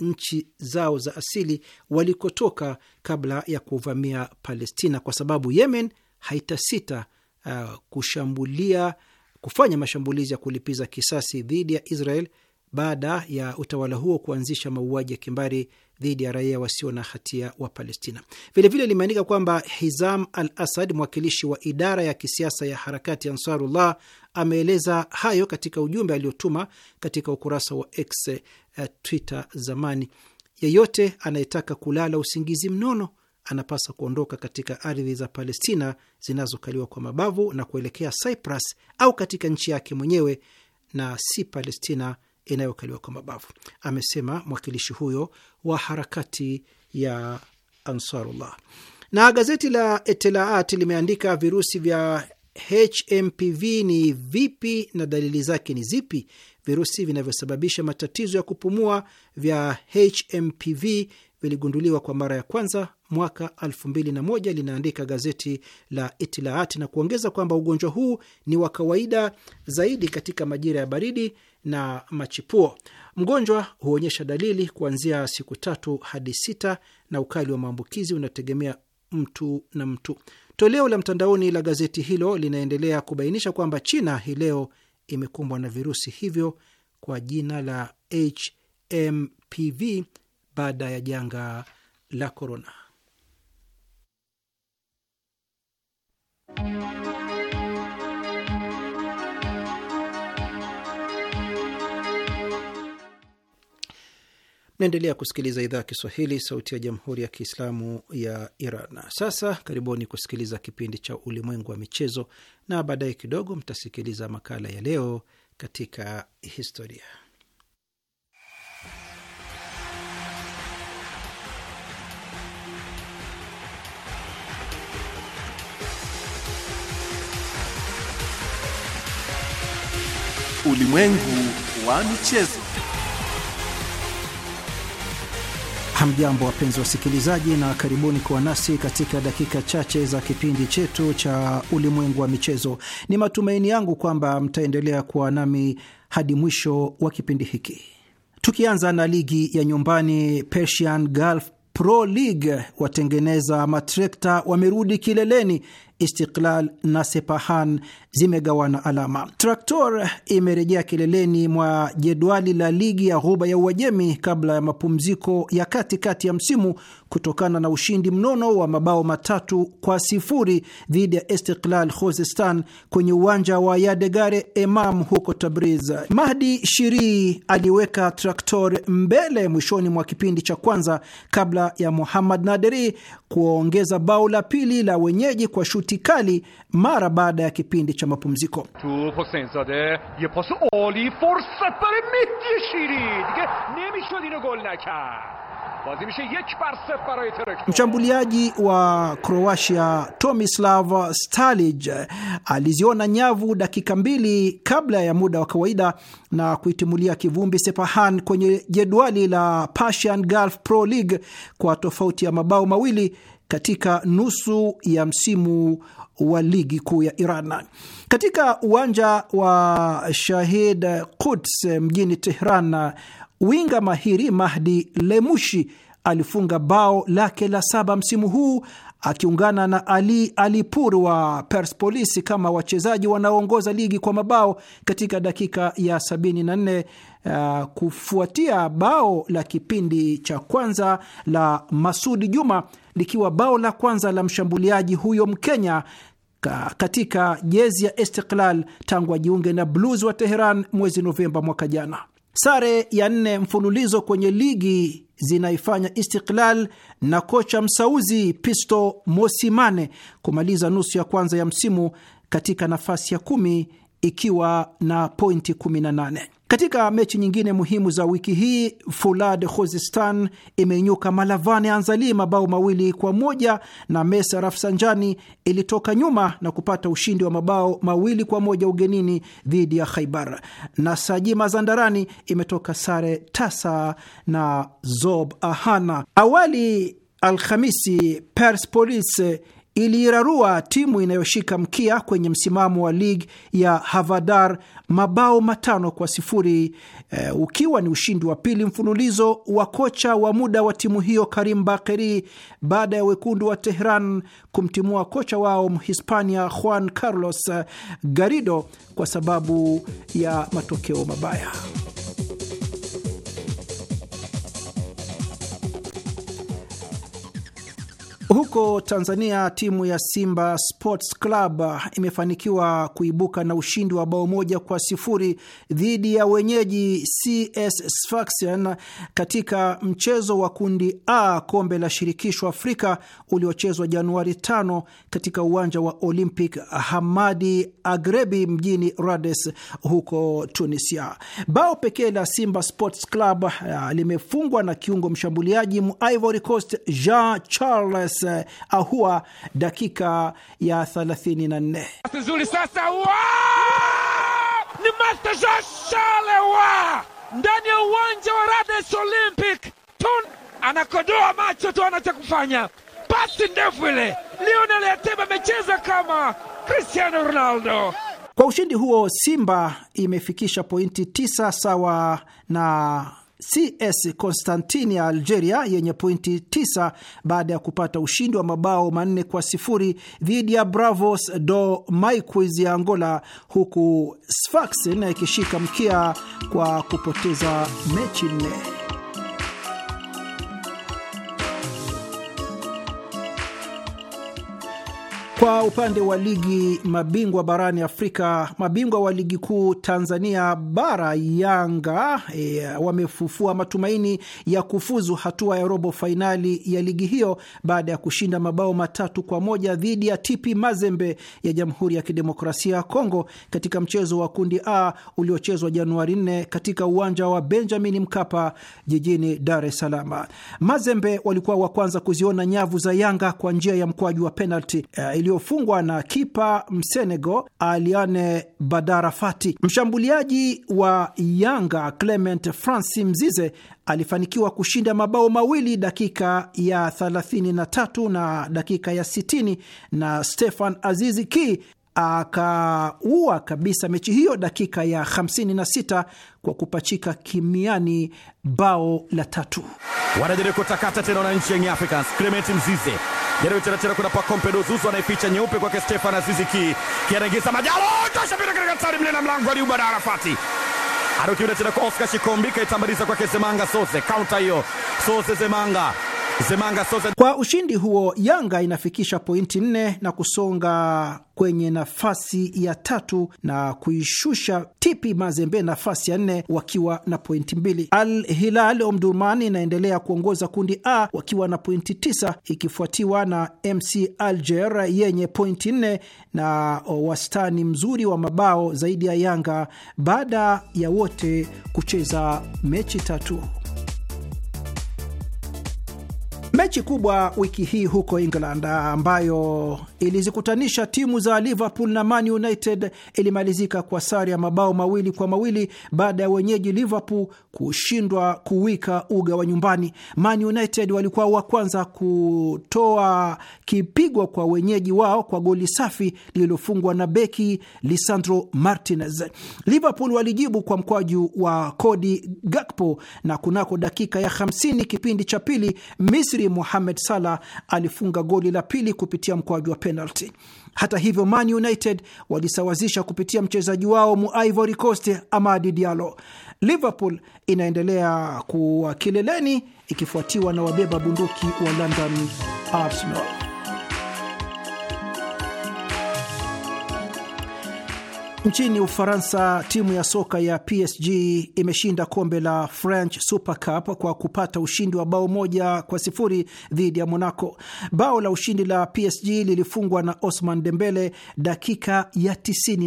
nchi zao za asili walikotoka kabla ya kuvamia Palestina, kwa sababu Yemen haitasita uh, kushambulia kufanya mashambulizi ya kulipiza kisasi dhidi ya Israel baada ya utawala huo kuanzisha mauaji ya kimbari dhidi ya raia wasio na hatia wa Palestina. Vilevile limeandika kwamba Hizam al Asad, mwakilishi wa idara ya kisiasa ya harakati Ansarullah, ameeleza hayo katika ujumbe aliotuma katika ukurasa wa X, uh, Twitter zamani. Yeyote anayetaka kulala usingizi mnono anapaswa kuondoka katika ardhi za Palestina zinazokaliwa kwa mabavu na kuelekea Cyprus au katika nchi yake mwenyewe na si Palestina inayokaliwa kwa mabavu, amesema mwakilishi huyo wa harakati ya Ansarullah. Na gazeti la Etelaat limeandika virusi vya HMPV ni vipi na dalili zake ni zipi? Virusi vinavyosababisha matatizo ya kupumua vya HMPV viligunduliwa kwa mara ya kwanza mwaka 2001 linaandika gazeti la Itilaati na kuongeza kwamba ugonjwa huu ni wa kawaida zaidi katika majira ya baridi na machipuo. Mgonjwa huonyesha dalili kuanzia siku tatu hadi sita, na ukali wa maambukizi unategemea mtu na mtu. Toleo la mtandaoni la gazeti hilo linaendelea kubainisha kwamba China hii leo imekumbwa na virusi hivyo kwa jina la HMPV baada ya janga la korona. Mnaendelea kusikiliza idhaa ya Kiswahili, sauti ya jamhuri ya kiislamu ya Iran. Sasa karibuni kusikiliza kipindi cha ulimwengu wa michezo, na baadaye kidogo mtasikiliza makala ya leo katika historia. Ulimwengu wa michezo. Hamjambo, wapenzi wasikilizaji, na karibuni kuwa nasi katika dakika chache za kipindi chetu cha ulimwengu wa michezo. Ni matumaini yangu kwamba mtaendelea kuwa nami hadi mwisho wa kipindi hiki, tukianza na ligi ya nyumbani Persian Gulf Pro League. Watengeneza matrekta wamerudi kileleni Istiklal na Sepahan zimegawana alama. Traktor imerejea kileleni mwa jedwali la ligi ya Ghuba ya Uajemi kabla ya mapumziko ya katikati kati ya msimu kutokana na ushindi mnono wa mabao matatu kwa sifuri dhidi ya Istiklal Khuzestan kwenye uwanja wa Yadegare Emam huko Tabriz. Mahdi Shiri aliweka Traktor mbele mwishoni mwa kipindi cha kwanza kabla ya Muhammad Naderi kuongeza bao la pili la wenyeji kwa shuti sauti kali mara baada ya kipindi cha mapumziko. E e e Mshambuliaji wa Croatia Tomislav Stalij aliziona nyavu dakika mbili kabla ya muda wa kawaida na kuitimulia kivumbi Sepahan kwenye jedwali la Persian Gulf Pro League kwa tofauti ya mabao mawili katika nusu ya msimu wa ligi kuu ya Iran katika uwanja wa Shahid Quds mjini Tehran. Winga mahiri Mahdi Lemushi alifunga bao lake la saba msimu huu akiungana na Ali Alipur wa Persepolis kama wachezaji wanaoongoza ligi kwa mabao katika dakika ya 74 uh, kufuatia bao la kipindi cha kwanza la Masudi Juma likiwa bao la kwanza la mshambuliaji huyo Mkenya katika jezi ya Istiklal tangu ajiunge na Blues wa Teheran mwezi Novemba mwaka jana. Sare ya nne mfululizo kwenye ligi zinaifanya Istiklal na kocha msauzi Pisto Mosimane kumaliza nusu ya kwanza ya msimu katika nafasi ya kumi ikiwa na pointi 18. Katika mechi nyingine muhimu za wiki hii Fulad Khuzistan imeinyuka Malavane Anzali mabao mawili kwa moja na Mesa Rafsanjani ilitoka nyuma na kupata ushindi wa mabao mawili kwa moja ugenini dhidi ya Khaibar, na Sajima Zandarani imetoka sare tasa na Zob Ahana. Awali Alhamisi Persepolis iliirarua timu inayoshika mkia kwenye msimamo wa ligi ya Havadar mabao matano kwa sifuri e, ukiwa ni ushindi wa pili mfululizo wa kocha wa muda wa timu hiyo Karim Bakeri baada ya wekundu wa Tehran kumtimua kocha wao Mhispania Juan Carlos Garrido kwa sababu ya matokeo mabaya. Huko Tanzania, timu ya Simba Sports Club imefanikiwa kuibuka na ushindi wa bao moja kwa sifuri dhidi ya wenyeji CS Sfaxien katika mchezo wa kundi A kombe la shirikisho Afrika uliochezwa Januari 5 katika uwanja wa Olympic Hamadi Agrebi mjini Rades huko Tunisia. Bao pekee la Simba Sports Club uh, limefungwa na kiungo mshambuliaji mu Ivory Coast Jean Charles Eh, ahua dakika ya 34. Nzuri sasa, ni Master ndani ya uwanja wa Rades Olympic Tun anakodoa macho tu, anachokufanya kufanya pasi ndefu ile. Lionel Ateba amecheza kama Cristiano Ronaldo. Kwa ushindi huo Simba imefikisha pointi tisa sawa na CS Constantine ya Algeria yenye pointi 9 baada ya kupata ushindi wa mabao manne kwa sifuri dhidi ya Bravos do Maiquis ya Angola, huku Sfaxien ikishika mkia kwa kupoteza mechi nne. Kwa upande wa ligi mabingwa barani Afrika, mabingwa wa ligi kuu Tanzania bara Yanga e, wamefufua matumaini ya kufuzu hatua ya robo fainali ya ligi hiyo baada ya kushinda mabao matatu kwa moja dhidi ya TP Mazembe ya Jamhuri ya Kidemokrasia ya Kongo katika mchezo wa kundi A uliochezwa Januari 4 katika uwanja wa Benjamin Mkapa jijini Dar es Salaam. Mazembe walikuwa wa kwanza kuziona nyavu za Yanga kwa njia ya mkwaju wa penalti e, iliyofungwa na kipa Msenego Aliane Badarafati. Mshambuliaji wa Yanga Clement franci Mzize alifanikiwa kushinda mabao mawili dakika ya 33 na dakika ya 60, na Stefan Azizi Ki akaua kabisa mechi hiyo dakika ya 56 kwa kupachika kimiani bao la tatu. Wanajaribu kutakata tena wananchi ya Africans. Clement Mzize jaribu tena tena, kuna Pacome Zouzoua anaificha nyeupe kwake Stefan Azizi ki kianaingiza Majalo tosha bila katika tari mlena mlango aliuba na Arafati arukiuda tena kwa Oscar Shikombi kaitambaliza kwake Zemanga Soze, kaunta hiyo Soze Zemanga kwa ushindi huo Yanga inafikisha pointi nne na kusonga kwenye nafasi ya tatu na kuishusha Tipi Mazembe nafasi ya nne wakiwa na pointi mbili. Al Hilal Omdurman inaendelea kuongoza kundi A wakiwa na pointi tisa ikifuatiwa na MC Alger yenye pointi nne na wastani mzuri wa mabao zaidi ya Yanga baada ya wote kucheza mechi tatu. Mechi kubwa wiki hii huko England ambayo ilizikutanisha timu za Liverpool na Man United ilimalizika kwa sare ya mabao mawili kwa mawili baada ya wenyeji Liverpool kushindwa kuwika uga wa nyumbani. Man United walikuwa wa kwanza kutoa kipigwa kwa wenyeji wao kwa goli safi lililofungwa na beki Lisandro Martinez. Liverpool walijibu kwa mkwaju wa Cody Gakpo, na kunako dakika ya 50 kipindi cha pili, Misri Mohamed Salah alifunga goli la pili kupitia mkwaju wa penalti. Hata hivyo, Man United walisawazisha kupitia mchezaji wao mu Ivory Coast, Amadi Diallo. Liverpool inaendelea kuwa kileleni ikifuatiwa na wabeba bunduki wa London, Arsenal. Nchini Ufaransa, timu ya soka ya PSG imeshinda kombe la French Super Cup kwa kupata ushindi wa bao moja kwa sifuri dhidi ya Monaco. Bao la ushindi la PSG lilifungwa na Osman Dembele dakika ya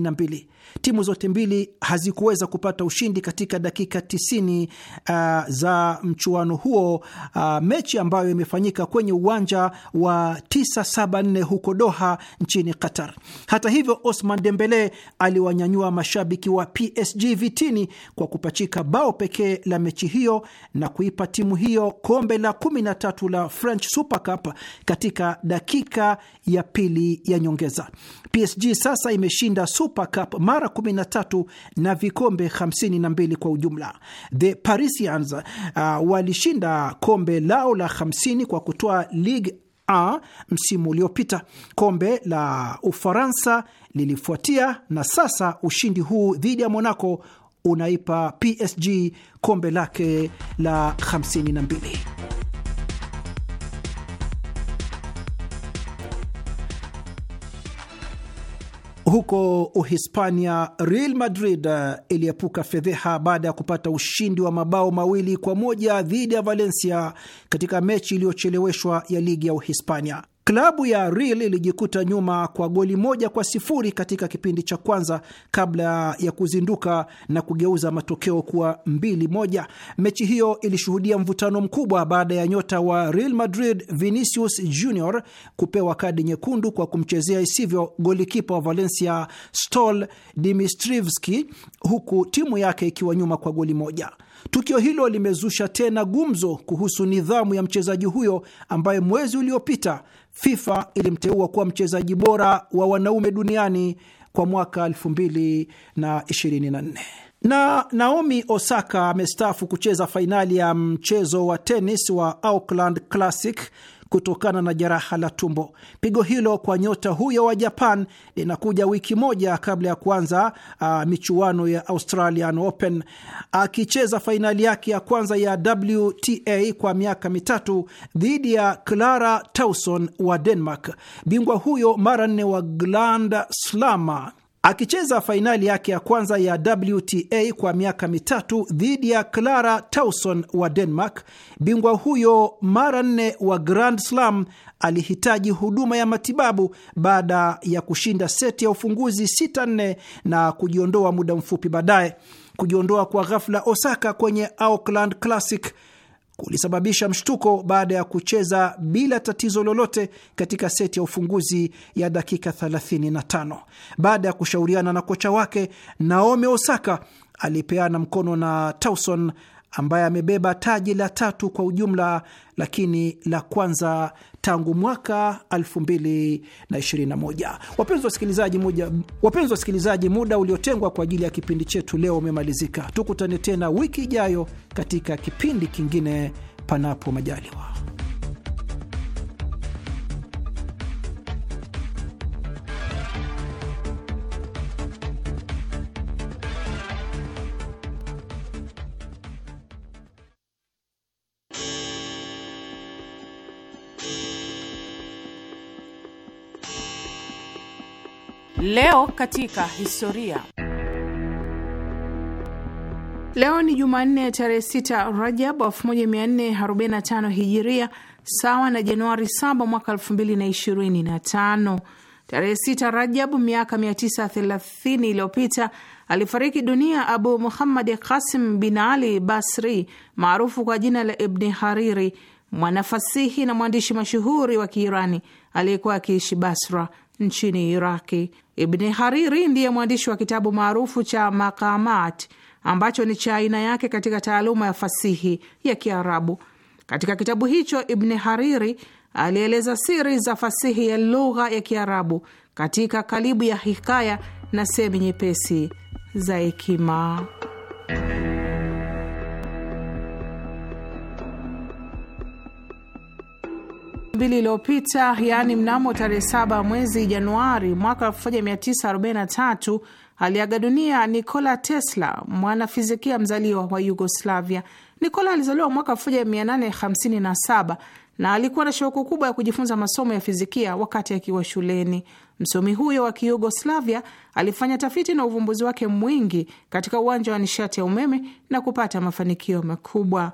na mbili timu zote mbili hazikuweza kupata ushindi katika dakika 90 uh, za mchuano huo uh, mechi ambayo imefanyika kwenye uwanja wa 974 huko Doha nchini Qatar. Hata hivyo, Osman Dembele aliwanyanyua mashabiki wa PSG vitini kwa kupachika bao pekee la mechi hiyo na kuipa timu hiyo kombe la 13 la French Super Cup katika dakika ya pili ya nyongeza. PSG sasa imeshinda Super Cup mara 13 na vikombe 52 kwa ujumla. The Parisians uh, walishinda kombe lao la 50 kwa kutoa Ligue A msimu uliopita. Kombe la Ufaransa lilifuatia, na sasa ushindi huu dhidi ya Monaco unaipa PSG kombe lake la 52. Huko Uhispania, Real Madrid eh, iliepuka fedheha baada ya kupata ushindi wa mabao mawili kwa moja dhidi ya Valencia katika mechi iliyocheleweshwa ya ligi ya Uhispania. Klabu ya Real ilijikuta nyuma kwa goli moja kwa sifuri katika kipindi cha kwanza kabla ya kuzinduka na kugeuza matokeo kuwa mbili moja. Mechi hiyo ilishuhudia mvutano mkubwa baada ya nyota wa Real Madrid Vinicius Junior kupewa kadi nyekundu kwa kumchezea isivyo golikipa wa Valencia Stol Dimistrivski, huku timu yake ikiwa nyuma kwa goli moja. Tukio hilo limezusha tena gumzo kuhusu nidhamu ya mchezaji huyo ambaye mwezi uliopita FIFA ilimteua kuwa mchezaji bora wa wanaume duniani kwa mwaka 2024 na Naomi Osaka amestaafu kucheza fainali ya mchezo wa tenis wa Auckland Classic kutokana na jeraha la tumbo. Pigo hilo kwa nyota huyo wa Japan linakuja wiki moja kabla ya kuanza uh, michuano ya Australian Open, akicheza fainali yake ya kwanza ya WTA kwa miaka mitatu dhidi ya Clara Tauson wa Denmark. Bingwa huyo mara nne wa Grand Slama Akicheza fainali yake ya kwanza ya WTA kwa miaka mitatu dhidi ya Clara Towson wa Denmark, bingwa huyo mara nne wa Grand Slam alihitaji huduma ya matibabu baada ya kushinda seti ya ufunguzi 6-4 na kujiondoa muda mfupi baadaye. Kujiondoa kwa ghafla Osaka kwenye Auckland Classic kulisababisha mshtuko baada ya kucheza bila tatizo lolote katika seti ya ufunguzi ya dakika 35. Baada ya kushauriana na kocha wake, Naomi Osaka alipeana mkono na Tauson ambaye amebeba taji la tatu kwa ujumla, lakini la kwanza tangu mwaka 2021. Wapenzi wa wasikilizaji, muda uliotengwa kwa ajili ya kipindi chetu leo umemalizika. Tukutane tena wiki ijayo katika kipindi kingine, panapo majaliwa. Leo katika historia. Leo ni Jumanne tarehe 6 Rajab 1445 Hijiria, sawa na Januari 7 mwaka 2025. Tarehe 6 Rajab miaka 930 iliyopita alifariki dunia Abu Muhammadi Qasim bin Ali Basri maarufu kwa jina la Ibni Hariri, mwanafasihi na mwandishi mashuhuri wa Kiirani aliyekuwa akiishi Basra nchini Iraki. Ibni Hariri ndiye mwandishi wa kitabu maarufu cha makamat ambacho ni cha aina yake katika taaluma ya fasihi ya Kiarabu. Katika kitabu hicho Ibni Hariri alieleza siri za fasihi ya lugha ya Kiarabu katika kalibu ya hikaya na sehemu nyepesi za hekima. mbili iliyopita, yaani mnamo tarehe 7 mwezi Januari mwaka 1943 aliaga dunia Nikola Tesla, mwanafizikia mzaliwa wa Yugoslavia. Nikola alizaliwa mwaka 1857 na alikuwa na shauku kubwa ya kujifunza masomo ya fizikia wakati akiwa shuleni. Msomi huyo wa Kiyugoslavia alifanya tafiti na uvumbuzi wake mwingi katika uwanja wa nishati ya umeme na kupata mafanikio makubwa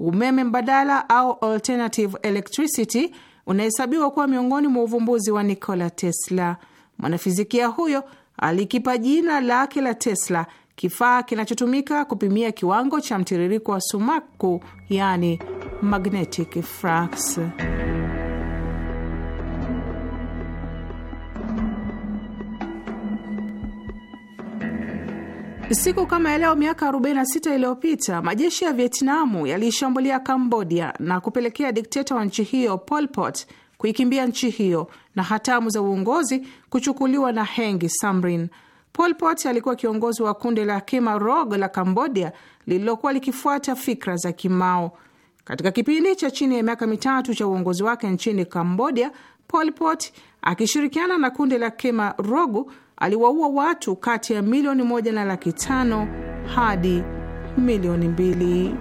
umeme mbadala au alternative electricity unahesabiwa kuwa miongoni mwa uvumbuzi wa Nikola Tesla. Mwanafizikia huyo alikipa jina lake la Tesla kifaa kinachotumika kupimia kiwango cha mtiririko wa sumaku, yani magnetic flux. Siku kama ya leo miaka 46 iliyopita majeshi ya Vietnamu yaliishambulia Kambodia na kupelekea dikteta wa nchi hiyo Pol Pot kuikimbia nchi hiyo na hatamu za uongozi kuchukuliwa na Heng Samrin. Pol Pot alikuwa kiongozi wa kundi la Khmer Rouge la Kambodia lililokuwa likifuata fikra za Kimao. Katika kipindi cha chini ya miaka mitatu cha uongozi wake nchini Kambodia, Pol Pot akishirikiana na kundi la Khmer Rouge aliwaua watu kati ya milioni moja na laki tano hadi milioni mbili.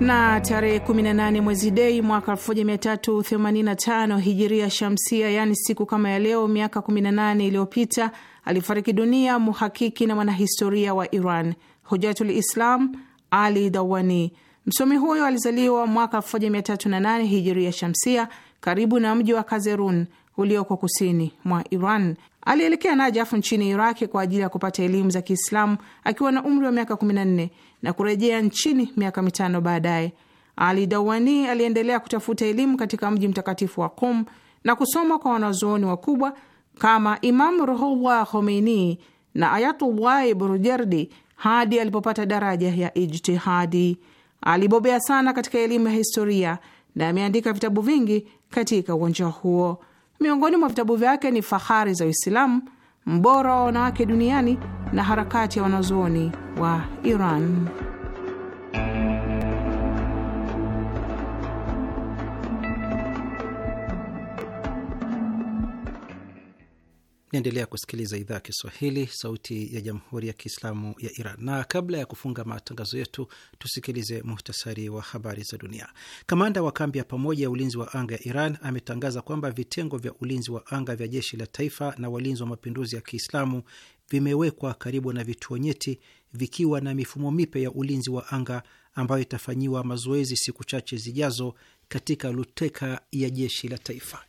na tarehe 18 mwezi Dei mwaka 1385 hijiria shamsia, yaani siku kama ya leo miaka 18 iliyopita alifariki dunia muhakiki na mwanahistoria wa Iran Hujatul Islam Ali Dawani. Msomi huyo alizaliwa mwaka 1308 hijiria shamsia karibu na mji wa Kazerun ulioko kusini mwa Iran. Alielekea Najafu nchini Iraki kwa ajili ya kupata elimu za Kiislamu akiwa na umri wa miaka 14 na kurejea nchini miaka mitano baadaye. Ali Dawani aliendelea kutafuta elimu katika mji mtakatifu wa Qum na kusoma kwa wanazuoni wakubwa kama Imam Ruhullah Khomeini na Ayatullahi Burujerdi hadi alipopata daraja ya ijtihadi. Alibobea sana katika elimu ya historia na ameandika vitabu vingi katika uwanja huo. Miongoni mwa vitabu vyake ni Fahari za Uislamu, Mbora wa Wanawake Duniani na Harakati ya Wanazuoni wa Iran. Naendelea kusikiliza idhaa ya Kiswahili, sauti ya jamhuri ya kiislamu ya Iran. Na kabla ya kufunga matangazo yetu, tusikilize muhtasari wa habari za dunia. Kamanda wa kambi ya pamoja ya ulinzi wa anga ya Iran ametangaza kwamba vitengo vya ulinzi wa anga vya jeshi la taifa na walinzi wa mapinduzi ya Kiislamu vimewekwa karibu na vituo nyeti vikiwa na mifumo mipya ya ulinzi wa anga ambayo itafanyiwa mazoezi siku chache zijazo katika luteka ya jeshi la taifa.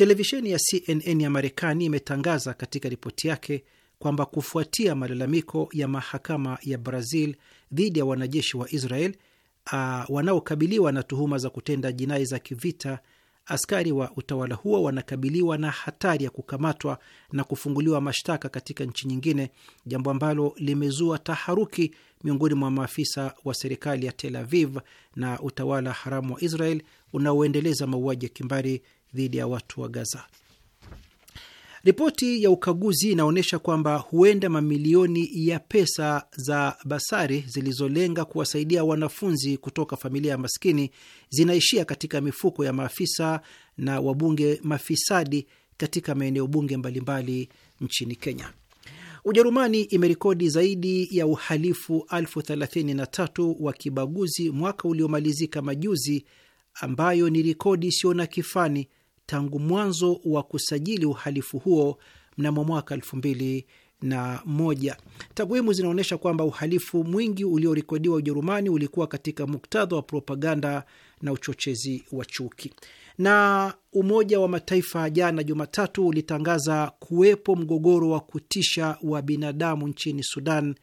Televisheni ya CNN ya Marekani imetangaza katika ripoti yake kwamba kufuatia malalamiko ya mahakama ya Brazil dhidi ya wanajeshi wa Israel uh, wanaokabiliwa na tuhuma za kutenda jinai za kivita, askari wa utawala huo wanakabiliwa na hatari ya kukamatwa na kufunguliwa mashtaka katika nchi nyingine, jambo ambalo limezua taharuki miongoni mwa maafisa wa serikali ya Tel Aviv na utawala haramu wa Israel unaoendeleza mauaji ya kimbari dhidi ya watu wa Gaza. Ripoti ya ukaguzi inaonyesha kwamba huenda mamilioni ya pesa za basari zilizolenga kuwasaidia wanafunzi kutoka familia ya maskini zinaishia katika mifuko ya maafisa na wabunge mafisadi katika maeneo bunge mbalimbali nchini Kenya. Ujerumani imerekodi zaidi ya uhalifu elfu thelathini na tatu wa kibaguzi mwaka uliomalizika majuzi, ambayo ni rekodi isiyo na kifani tangu mwanzo wa kusajili uhalifu huo mnamo mwaka elfu mbili na moja. Takwimu zinaonyesha kwamba uhalifu mwingi uliorekodiwa Ujerumani ulikuwa katika muktadha wa propaganda na uchochezi wa chuki. Na Umoja wa Mataifa jana Jumatatu ulitangaza kuwepo mgogoro wa kutisha wa binadamu nchini Sudan,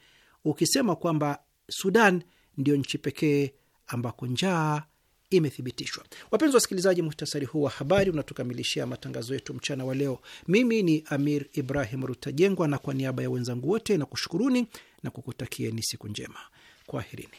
ukisema kwamba Sudan ndiyo nchi pekee ambako njaa imethibitishwa. Wapenzi wa wasikilizaji, muhtasari huu wa habari unatukamilishia matangazo yetu mchana wa leo. Mimi ni Amir Ibrahim Rutajengwa, na kwa niaba ya wenzangu wote na kushukuruni na kukutakieni siku njema. Kwaherini.